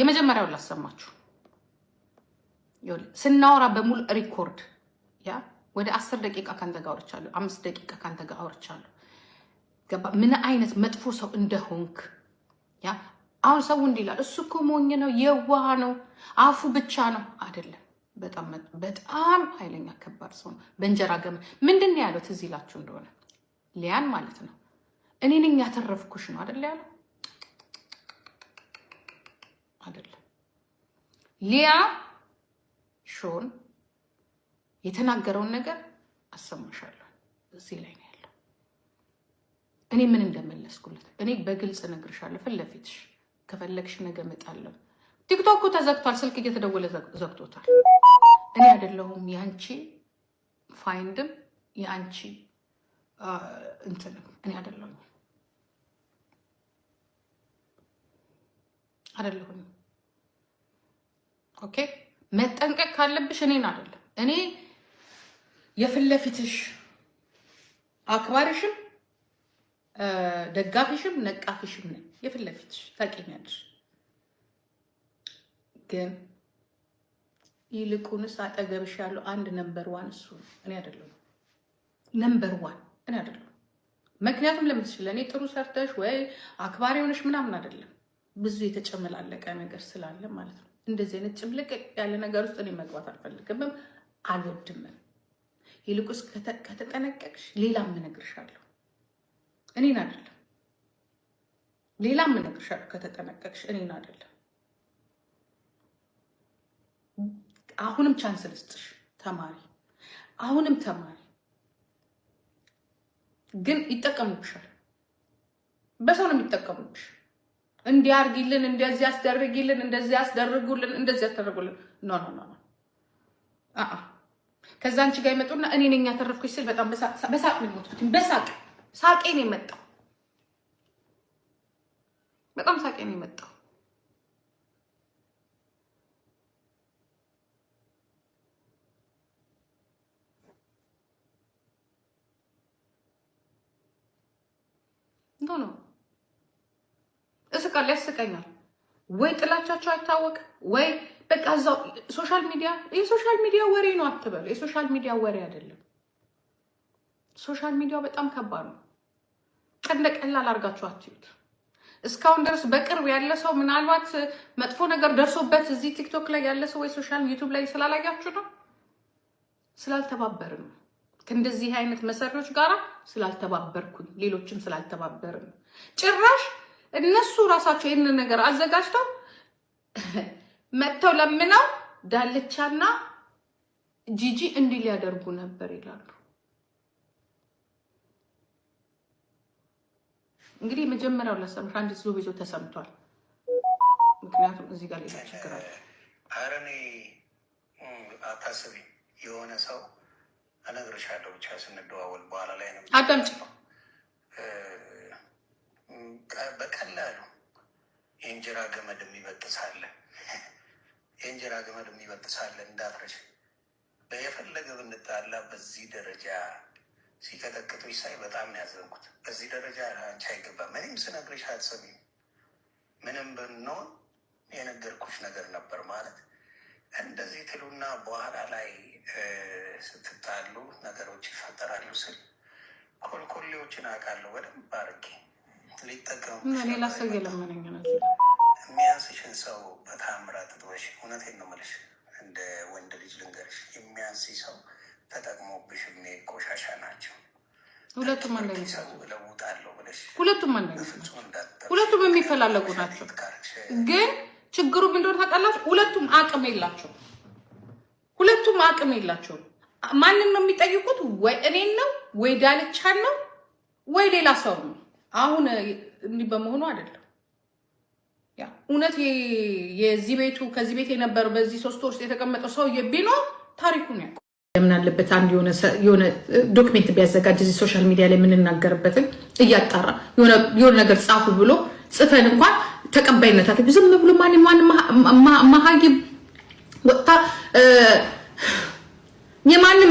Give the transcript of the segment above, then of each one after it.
የመጀመሪያው ላሰማችሁ። ስናወራ በሙሉ ሪኮርድ ያ ወደ አስር ደቂቃ ካንተ ጋር አውርቻለሁ። አምስት ደቂቃ ካንተ ጋር አውርቻለሁ። ገባ ምን አይነት መጥፎ ሰው እንደሆንክ ያ አሁን ሰው እንዲላል እሱ እኮ ሞኝ ነው፣ የዋህ ነው፣ አፉ ብቻ ነው አይደለም። በጣም በጣም ኃይለኛ ከባድ ሰው ነው። በእንጀራ ገመ ምንድን ነው ያለው? ትዝ ይላችሁ እንደሆነ ሊያን ማለት ነው እኔ ነኝ ያተረፍኩሽ ነው አይደለ ያለው ሊያ ሾን የተናገረውን ነገር አሰማሻለሁ። እዚህ ላይ ነው ያለው። እኔ ምን እንደመለስኩለት እኔ በግልጽ እነግርሻለሁ። ፊት ለፊትሽ ከፈለግሽ ነገ እመጣለሁ። ቲክቶክ ተዘግቷል። ስልክ እየተደወለ ዘግቶታል። እኔ አይደለሁም የአንቺ ፋይንድም የአንቺ እንትንም እኔ አይደለሁም አይደለሁም ኦኬ መጠንቀቅ ካለብሽ እኔን አይደለም። እኔ የፊት ለፊትሽ አክባሪሽም ደጋፊሽም ነቃፊሽም ነኝ። የፊት ለፊትሽ ታውቂኛለሽ። ግን ይልቁንስ አጠገብሽ ያለው አንድ ነምበር ዋን እሱ ነው፣ እኔ አይደለሁም። ነምበር ዋን እኔ አይደለሁም። ምክንያቱም ለምን ትችል እኔ ጥሩ ሰርተሽ ወይ አክባሪ ሆነሽ ምናምን አይደለም ብዙ የተጨመላለቀ ነገር ስላለ ማለት ነው። እንደዚህ አይነት ጭምልቅ ያለ ነገር ውስጥ እኔ መግባት አልፈልግምም አልወድምም። ይልቁስ ከተጠነቀቅሽ ሌላም እነግርሻለሁ። እኔን አይደለም ሌላም እነግርሻለሁ። ከተጠነቀቅሽ እኔን አይደለም። አሁንም ቻንስ ልስጥሽ ተማሪ፣ አሁንም ተማሪ። ግን ይጠቀሙብሻል። በሰው ነው የሚጠቀሙብሽ። እንዲህ እንደዚህ አስደርጊልን፣ እንደዚህ ያስደርጉልን፣ እንደዚህ አስደርጉልን። ኖ ኖ ኖ አአ ከዛ አንቺ ጋር ይመጡና እኔ ነኝ ያተረፍኩሽ ስል በጣም በሳቅ ነው የሞትኩት። በሳቅ ሳቄ ነው የመጣው። በጣም ሳቄ ነው የመጣው። ኖ ኖ እስቃለሁ፣ ያስቀኛል። ወይ ጥላቻቸው አይታወቅ ወይ በቃ እዛው ሶሻል ሚዲያ የሶሻል ሚዲያ ወሬ ነው አትበሉ። የሶሻል ሚዲያ ወሬ አይደለም። ሶሻል ሚዲያው በጣም ከባድ ነው። ቀለ ቀላል አድርጋችሁ አትዩት። እስካሁን ድረስ በቅርብ ያለ ሰው ምናልባት መጥፎ ነገር ደርሶበት እዚህ ቲክቶክ ላይ ያለ ሰው ወይ ሶሻል ዩቱብ ላይ ስላላያችሁ ነው ስላልተባበርን ነው ከእንደዚህ አይነት መሰሪዎች ጋራ ስላልተባበርኩኝ ሌሎችም ስላልተባበርን ጭራሽ እነሱ ራሳቸው ይህንን ነገር አዘጋጅተው መጥተው ለምነው ዳልቻና ጂጂ እንዲህ ሊያደርጉ ነበር ይላሉ። እንግዲህ መጀመሪያው ላስተምር አንድ ስሎ ይዞ ተሰምቷል። ምክንያቱም እዚህ ጋር ሌላ ችግር አለ። ኧረ እኔ አታስቢ፣ የሆነ ሰው እነግርሻለሁ ብቻ ስንደዋወል በኋላ ላይ ነው። አዳምጪ በቀላሉ የእንጀራ ገመድ የሚበጥሳለ የእንጀራ ገመድ የሚበጥሳለ እንዳትረች በየፈለገ ብንጣላ በዚህ ደረጃ ሲቀጠቅጦች ሳይ በጣም ያዘንኩት። በዚህ ደረጃ አንቺ አይገባም። ምንም ስነግርሽ አትሰሚም። ምንም ብንሆን የነገርኩሽ ነገር ነበር ማለት እንደዚህ ትሉና በኋላ ላይ ስትጣሉ ነገሮች ይፈጠራሉ ስል ኮልኮሌዎችን አውቃለሁ በደንብ አድርጌ ሊጠቀሙ ሌላ ሰው እየለመነኝ የሚያንስሽን ሰው እውነቴን ነው የምልሽ፣ እንደ ወንድ ልጅ ልንገርሽ፣ የሚያንስ ሰው ተጠቅሞብሽ ቆሻሻ ናቸው። ሁለቱም አንድ ሁለቱም ሁለቱም የሚፈላለጉ ናቸው። ግን ችግሩ እንደሆነ ታውቃላችሁ፣ ሁለቱም አቅም የላቸው ሁለቱም አቅም ማንን ነው የሚጠይቁት? ወይ እኔን ነው ወይ ዳልቻን ነው ወይ ሌላ ሰው ነው። አሁን እንዲህ በመሆኑ አይደለም። ያ እውነት የዚህ ቤቱ ከዚህ ቤት የነበረ በዚህ ሶስት ወር ውስጥ የተቀመጠው ሰውዬ ቢኖር ታሪኩን ያውቀው። ምን አለበት አንድ የሆነ ዶክሜንት ቢያዘጋጅ እዚህ ሶሻል ሚዲያ ላይ የምንናገርበትን እያጣራ የሆነ ነገር ጻፉ ብሎ ጽፈን እንኳን ተቀባይነት አለ። ዝም ብሎ ማን ማን መሀጊ ወጥታ የማንም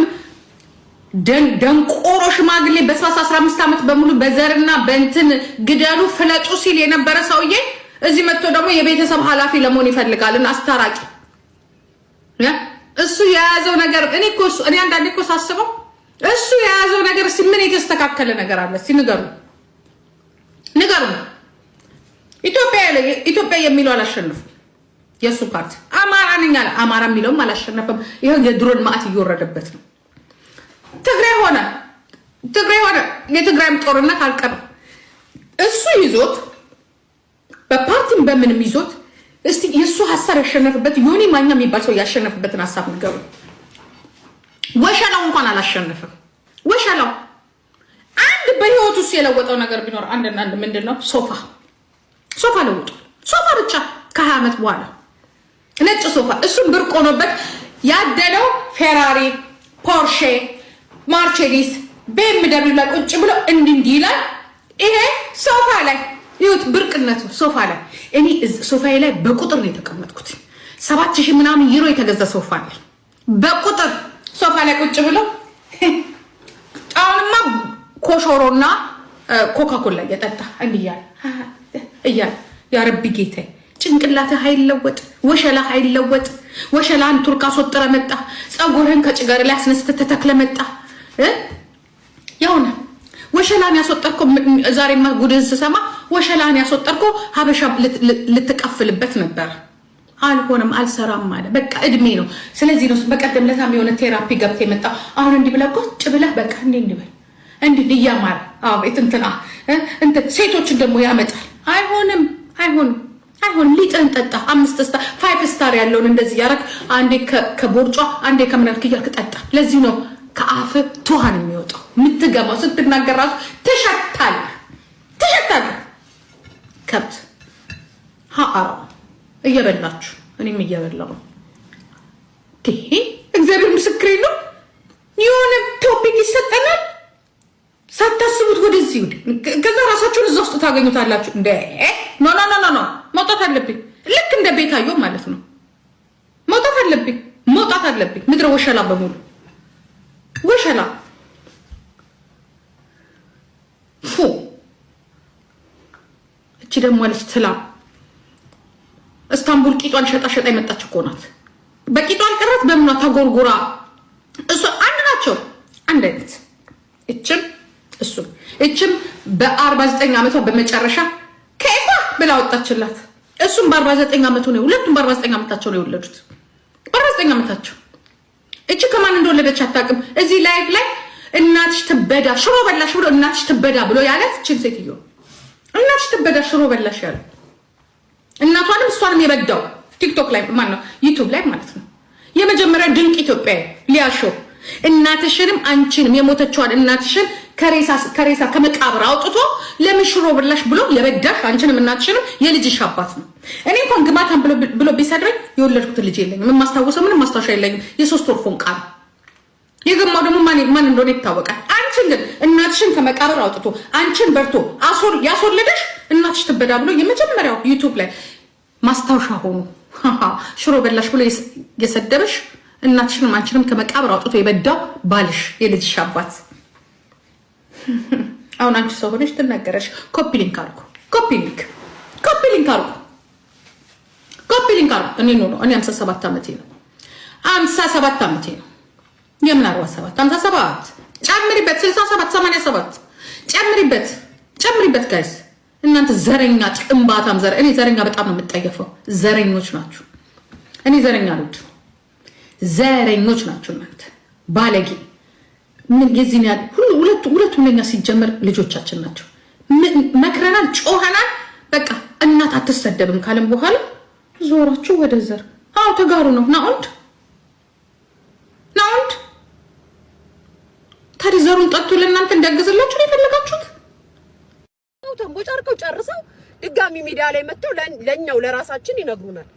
ደንቆሮ ሽማግሌ በስፋት አስራ አምስት ዓመት በሙሉ በዘርና በእንትን ግደሉ ፍለጡ ሲል የነበረ ሰውዬ እዚህ መጥቶ ደግሞ የቤተሰብ ኃላፊ ለመሆን ይፈልጋል አስታራቂ እሱ የያዘው ነገር እኔ እኮ እኔ አንዳንዴ እኮ ሳስበው እሱ የያዘው ነገር እስኪ ምን የተስተካከለ ነገር አለ እስኪ ንገሩ ንገሩ። ኢትዮጵያ የሚለው አላሸንፉም። የእሱ ፓርቲ አማራ ነኝ አለ። አማራ የሚለውም አላሸነፈም። ይኸው የድሮን ማዕት እየወረደበት ነው። ትግራይ ሆነ ትግራይ ሆነ የትግራይም ጦርነት አልቀረም። እሱ ይዞት በፓርቲም በምንም ይዞት እስቲ የእሱ ሀሳብ ያሸነፍበት ዮኒ ማኛ የሚባል ሰው ያሸነፍበትን ሀሳብ ንገሩ። ወሸላው እንኳን አላሸነፍም። ወሸላው አንድ በህይወት ውስጥ የለወጠው ነገር ቢኖር አንድና አንድ ምንድን ነው? ሶፋ ሶፋ ለውጧል። ሶፋ ብቻ ከሀያ ዓመት በኋላ ነጭ ሶፋ እሱም ብርቅ ሆኖበት ያደለው ፌራሪ ፖርሼ ማርቼዲስ ቤምደብሊው ላይ ቁጭ ብሎ እንዲህ እንዲህ ይላል። ይሄ ሶፋ ላይ ይሁት ብርቅነቱ ሶፋ ላይ እኔ ሶፋዬ ላይ በቁጥር ነው የተቀመጥኩት። ሰባት ሺህ ምናምን ዩሮ የተገዛ ሶፋ ላይ በቁጥር ሶፋ ላይ ቁጭ ብሎ አሁንማ ኮሾሮና ኮካኮላ እየጠጣ እንዲያል እያል ያረቢ ጌታ ጭንቅላትህ አይለወጥ፣ ወሸላህ አይለወጥ። ወሸላህን ቱርክ አስወጥረ መጣ። ፀጉርህን ከጭገር ላይ አስነስተህ ተተክለ መጣ። ያውነ ወሸላን ያስወጠርኮ ዛሬማ ጉድን ስሰማ ወሸላን ያስወጠርኮ ሀበሻ ልትቀፍልበት ነበር። አልሆነም፣ አልሰራም አለ። በቃ እድሜ ነው። ስለዚህ ነው በቀደም ለታም የሆነ ቴራፒ ገብተ የመጣ አሁን እንዲህ ብላ ቁጭ ብላ በቃ እንዲ እንዲበል እንዲህ እንትና እንት ሴቶችን ደግሞ ያመጣል። አይሆንም፣ አይሆንም፣ አይሆንም። ሊጥን ጠጣ። አምስት ስታ ፋይቭ ስታር ያለውን እንደዚህ ያረግ አንዴ ከቦርጫ አንዴ ከምናልክ እያልክ ጠጣ። ለዚህ ነው ከአፍ ትሃን የሚወጣው የምትገማው ስትናገር ራሱ ትሸታል ትሸታል። ከብት ሀአራ እየበላችሁ እኔም እየበላው ይሄ እግዚአብሔር ምስክሬ ነው። የሆነ ቶፒክ ይሰጠናል ሳታስቡት ወደዚህ ከዛ ራሳችሁን እዛ ውስጥ ታገኙታላችሁ። እንደ ኖ ኖ ኖ ኖ መውጣት አለብኝ። ልክ እንደ ቤታየው ማለት ነው። መውጣት አለብኝ፣ መውጣት አለብኝ። ምድረ ወሸላ በሙሉ 了。ፉ እቺ ደግሞ ልጅ ትላ እስታንቡል ቂጧን ሸጣ ሸጣ የመጣች እኮ ናት። በቂጧ አልቀራት በምኗ ተጎርጉራ እሱ አንድ ናቸው፣ አንድ አይነት እችም እሱም እችም በ49 ዓመቷ በመጨረሻ ከይፋ ብላ ወጣችላት። እሱም በ49 ዓመቱ ነው፣ ሁለቱም በ49 ዓመታቸው ነው የወለዱት። በ49 ዓመታቸው እቺ ከማን እንደወለደች አታውቅም። እዚህ ላይፍ ላይ እናትሽ ትበዳ ሽሮ በላሽ ብሎ እናትሽ ትበዳ ብሎ ያለት እችን ሴትዮ እናትሽ ትበዳ ሽሮ በላሽ ያለ እናቷንም እሷንም የበዳው ቲክቶክ ላይ ማን ነው ዩቱብ ላይ ማለት ነው። የመጀመሪያ ድንቅ ኢትዮጵያ ሊያሾ እናትሽንም አንቺንም የሞተችዋን እናትሽን ከሬሳ ከመቃብር አውጥቶ ለምን ሽሮ በላሽ ብሎ የበዳሽ አንቺንም እናትሽንም የልጅሽ አባት ነው። እኔ እንኳን ግማታን ብሎ ቢሰድረኝ የወለድኩት ልጅ የለኝም። የማስታወሰው ምንም ማስታወሻ የለኝም። የሶስት ወር ፎንቃ ነው። የገማው ደግሞ ማን እንደሆነ ይታወቃል። አንቺን ግን እናትሽን ከመቃብር አውጥቶ አንቺን በርቶ ያስወለደሽ እናትሽ ትበዳ ብሎ የመጀመሪያው ዩቱብ ላይ ማስታወሻ ሆኖ ሽሮ በላሽ ብሎ የሰደበሽ እናትሽንም አንቺንም ከመቃብር አውጥቶ የበዳው ባልሽ የልጅሽ አባት። አሁን አንቺ ሰው ሆነሽ ትናገረሽ። ኮፒ ሊንክ አድርጎ ኮፒ ሊንክ ኮፒ ሊንክ ኮፒሊንግ አሉ። እኔ ነው እኔ 57 ዓመቴ ነው። 57 ዓመቴ ነው። የምን 47 57 ጨምሪበት፣ 67 87 ጨምሪበት፣ ጨምሪበት። ጋይስ እናንተ ዘረኛ ጥንባታም ዘረ እኔ ዘረኛ በጣም ነው የምጠየፈው። ዘረኞች ናችሁ። እኔ ዘረኛ አሉት ዘረኞች ናችሁ እናንተ ባለጌ ምን የዚህን ሁሉ ሁለቱ ሁለቱም ለኛ ሲጀመር ልጆቻችን ናቸው። መክረናል፣ ጮኸናል። በቃ እናት አትሰደብም ካለም በኋላ ዞራችሁ ወደ ዘር አዎ ተጋሩ ነው ናውንድ ናውንድ ታዲያ ዘሩን ጠጥቶ ለእናንተ እንዲያገዝላችሁ ነው የፈለጋችሁት ተንቦጫርቀው ጨርሰው ድጋሚ ሚዲያ ላይ መጥተው ለእኛው ለራሳችን ይነግሩናል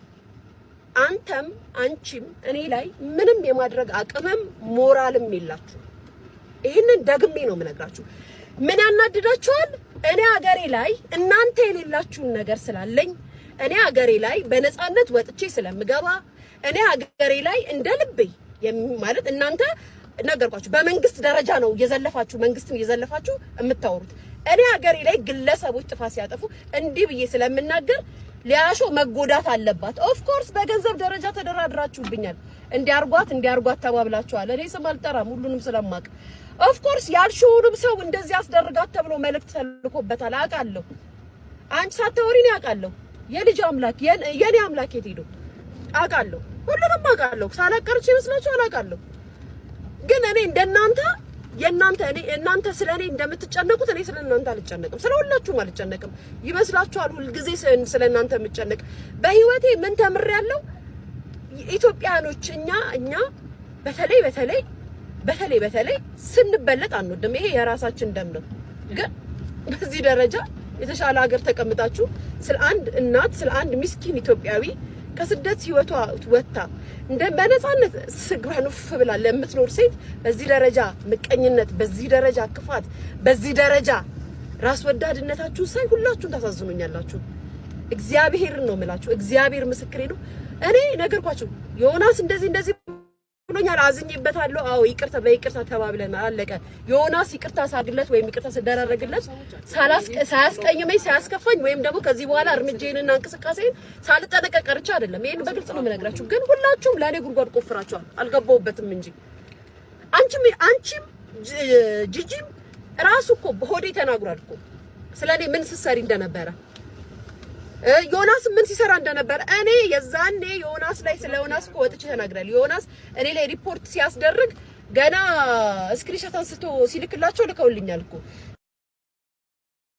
አንተም አንቺም እኔ ላይ ምንም የማድረግ አቅምም ሞራልም የላችሁ ይህንን ደግሜ ነው የምነግራችሁ ምን ያናድዳችኋል እኔ ሀገሬ ላይ እናንተ የሌላችሁን ነገር ስላለኝ እኔ ሀገሬ ላይ በነፃነት ወጥቼ ስለምገባ እኔ ሀገሬ ላይ እንደ ልቤ ማለት እናንተ ነገርኳችሁ። በመንግስት ደረጃ ነው እየዘለፋችሁ መንግስትም እየዘለፋችሁ የምታወሩት። እኔ ሀገሬ ላይ ግለሰቦች ጥፋት ሲያጠፉ እንዲህ ብዬ ስለምናገር ሊያሾ መጎዳት አለባት። ኦፍኮርስ በገንዘብ ደረጃ ተደራድራችሁብኛል። እንዲያርጓት እንዲያርጓት ተባብላችኋል። እኔ ስም አልጠራም ሁሉንም ስለማቅ ኦፍኮርስ ያልሽውንም ሰው እንደዚህ አስደርጋት ተብሎ መልእክት ተልኮበታል። አውቃለሁ። አንቺ ሳታወሪ እኔ አውቃለሁ። የልጅ አምላክ የኔ አምላክ የት ሄዶ አውቃለሁ። ሁሉንም አውቃለሁ። ሳላቀርች ይመስላችሁ አላውቃለሁ። ግን እኔ እንደናንተ የእናንተ እኔ እናንተ ስለ እኔ እንደምትጨነቁት እኔ ስለ እናንተ አልጨነቅም። ስለ ሁላችሁም አልጨነቅም። ይመስላችኋል ሁልጊዜ ስለ እናንተ የምጨነቅ። በህይወቴ ምን ተምሬያለሁ? ኢትዮጵያኖች እኛ እኛ በተለይ በተለይ በተለይ በተለይ ስንበለጥ አንወድም። ይሄ የራሳችን ደም ነው። ግን በዚህ ደረጃ የተሻለ ሀገር ተቀምጣችሁ ስለ አንድ እናት ስለ አንድ ሚስኪን ኢትዮጵያዊ ከስደት ህይወቷ ወጥታ እንደ በነፃነት ስግራ ውፍ ብላ ለምትኖር ሴት በዚህ ደረጃ ምቀኝነት፣ በዚህ ደረጃ ክፋት፣ በዚህ ደረጃ ራስ ወዳድነታችሁ ሳይ ሁላችሁን ታሳዝኑኛላችሁ። እግዚአብሔርን ነው የምላችሁ። እግዚአብሔር ምስክሬ ነው። እኔ ነገርኳችሁ ዮናስ እንደዚህ እንደዚህ ብሎኛል፣ አዝኜበታለሁ። አዎ ይቅርታ በይቅርታ ተባብለን አለቀ። ዮናስ ይቅርታ ሳግለት ወይም ይቅርታ ስደረረግለት ሳያስቀይመኝ ሳያስከፋኝ ወይም ደግሞ ከዚህ በኋላ እርምጃዬንና እንቅስቃሴን ሳልጠነቀቅ ቀርቼ አይደለም። ይሄን በግልጽ ነው የምነግራችሁ። ግን ሁላችሁም ለእኔ ጉድጓድ ቆፍራችኋል፣ አልገባሁበትም እንጂ አንቺም አንቺም ጂጂም ራሱ እኮ ሆዴ ተናግሯል እኮ ስለእኔ ምን ስትሰሪ እንደነበረ ዮናስ ምን ሲሰራ እንደነበር እኔ የዛኔ ዮናስ ላይ ስለ ዮናስ እኮ ወጥቼ ተናግራል። ዮናስ እኔ ላይ ሪፖርት ሲያስደርግ ገና ስክሪንሾት አንስቶ ሲልክላቸው ልከውልኛል እኮ